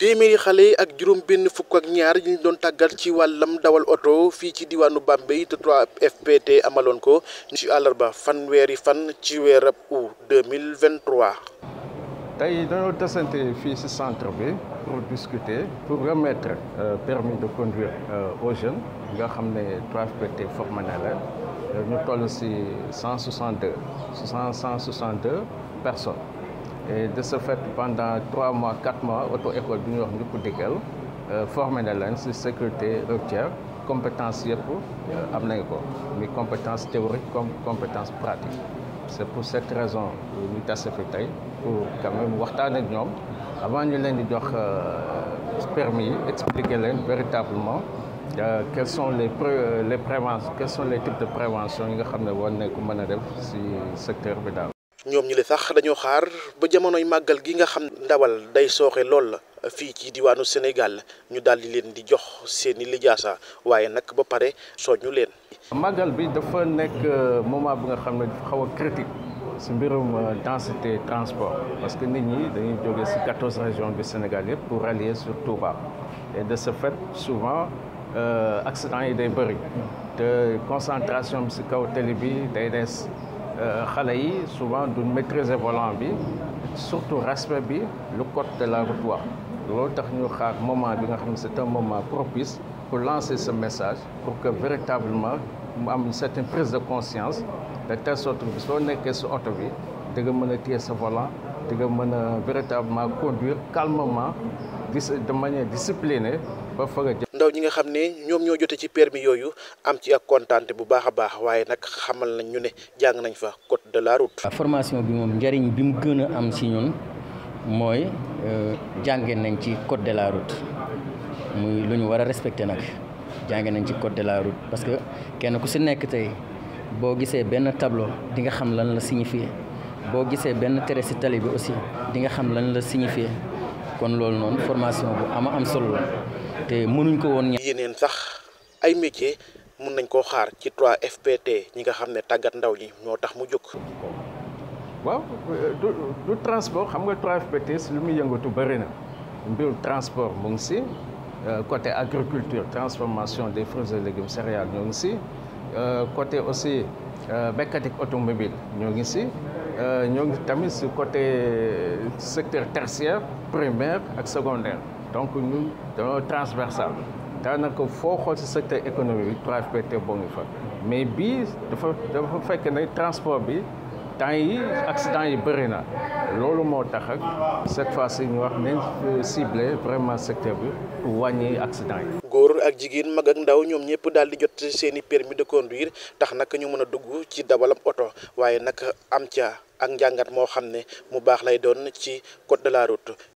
téeméeri xale yi ak juróom benn fukk ak ñaar ñu doon tàggal ci wàllam dawal oto fii ci diwaanu Bambey te 3FPT amaloon ko ci àllarba fanweeri fan ci weerab août 2023. tey dañoo tasante fii ci centre bi pour discuter pour remettre euh, permis de conduire euh, aux jeunes nga xam ne 3FPT formé na la euh, ñu toll ci 162 personnes. et de ce fait pendant trois mois quatre mois auto école bi ñuy wax ñëpp dikkal euh, formé na leen si sécurité routière compétence yëpp euh, am nañ ko mi compétence théorique comme compétence pratique c'est pour cette raison ñu tase fi tey pour quand même waxtaan ak ñoom avant ñu leen di jox euh, permis yi expliquer leen véritablement Euh, quels sont les pré les préventions quels les types de prévention yi nga xam ne war nañ ko mën a def si secteur bi daal. ñoom ñu le sax dañoo xaar ba jamonoy màggal gi nga xam ndawal day sooxe lool la fii ci diwaanu Sénégal ñu daal di leen di jox seeni lijaasa waaye nag ba pare soññu leen. màggal bi dafa nekk euh, moment bu nga xam ne dafa xaw a critique si mbirum euh, densité transport parce que nit ñi dañuy jógee si quatorze régions bi Sénégal yëpp pour rallier surtout ba et de ce fait souvent euh, accident yi day bëri te concentration bi si kaw télé bi day des. Euh, xale yi souvent duñ maîtriser volant bi surtout respect bi le code de la route wax loolu tax ñu xaar moment bi nga xam ne c'est moment propice pour lancer ce message pour que véritablement mu am une certaine prise de conscience de telle sorte que soo nekkee sa oto bi da nga mën a téye sa volant di nga mën a véritablement conduire calmement de manière disciplinée ba fëgg a ndaw ñi nga xam ne ñoom ñoo jotee ci permis yooyu am ci ak kontaante bu baax a baax waaye nag xamal nañ ñu ne jàng nañ fa code de la route. formation bi moom njariñ bi mu gën a am si ñun mooy euh, jànge nañ ci code de la route muy lu ñu war a respecté nag jàngee nañ ci code de la route parce que kenn ku si nekk tey boo gisee benn tableau di nga xam lan la signifié. boo gisee benn tere si tali bi aussi di nga xam lan la signifié kon loolu noonu formation bu ama am solo la te mënuñ ko woon. yeneen sax ay métiers mun nañ koo xaar ci 3FPT ñi nga xam ne tàggat ndaw ñi ñoo tax mu jóg. waaw du transport xam nga 3FPT lu muy yëngatu bëri na mbiru transport mu ngi si euh, côté agriculture transformation des fruits et légumes céréales ñoo ngi si euh, côté aussi. Euh, béykat automobile ñoo ngi si euh, ñoo ngi tamit si côté secteur tertiaire primaire ak secondaire donc ñu dañoo transversal daanaka foo xool si secteur économie bi 3FPT boo ngi fa mais bii dafa dafa fekk ne transport bi temps yi accident yi bëri na loolu moo tax ak cette fois ci ñu wax nañ ciblé vraiment secteur bi wàññi accident yi. góor ak jigéen mag ndaw ñoom ñëpp daal di jot seen i permis de conduire tax naka ñu mën a dugg ci dawalam oto waaye nag am ca ak njàngat moo xam ne mu baax lay doon ci code de la route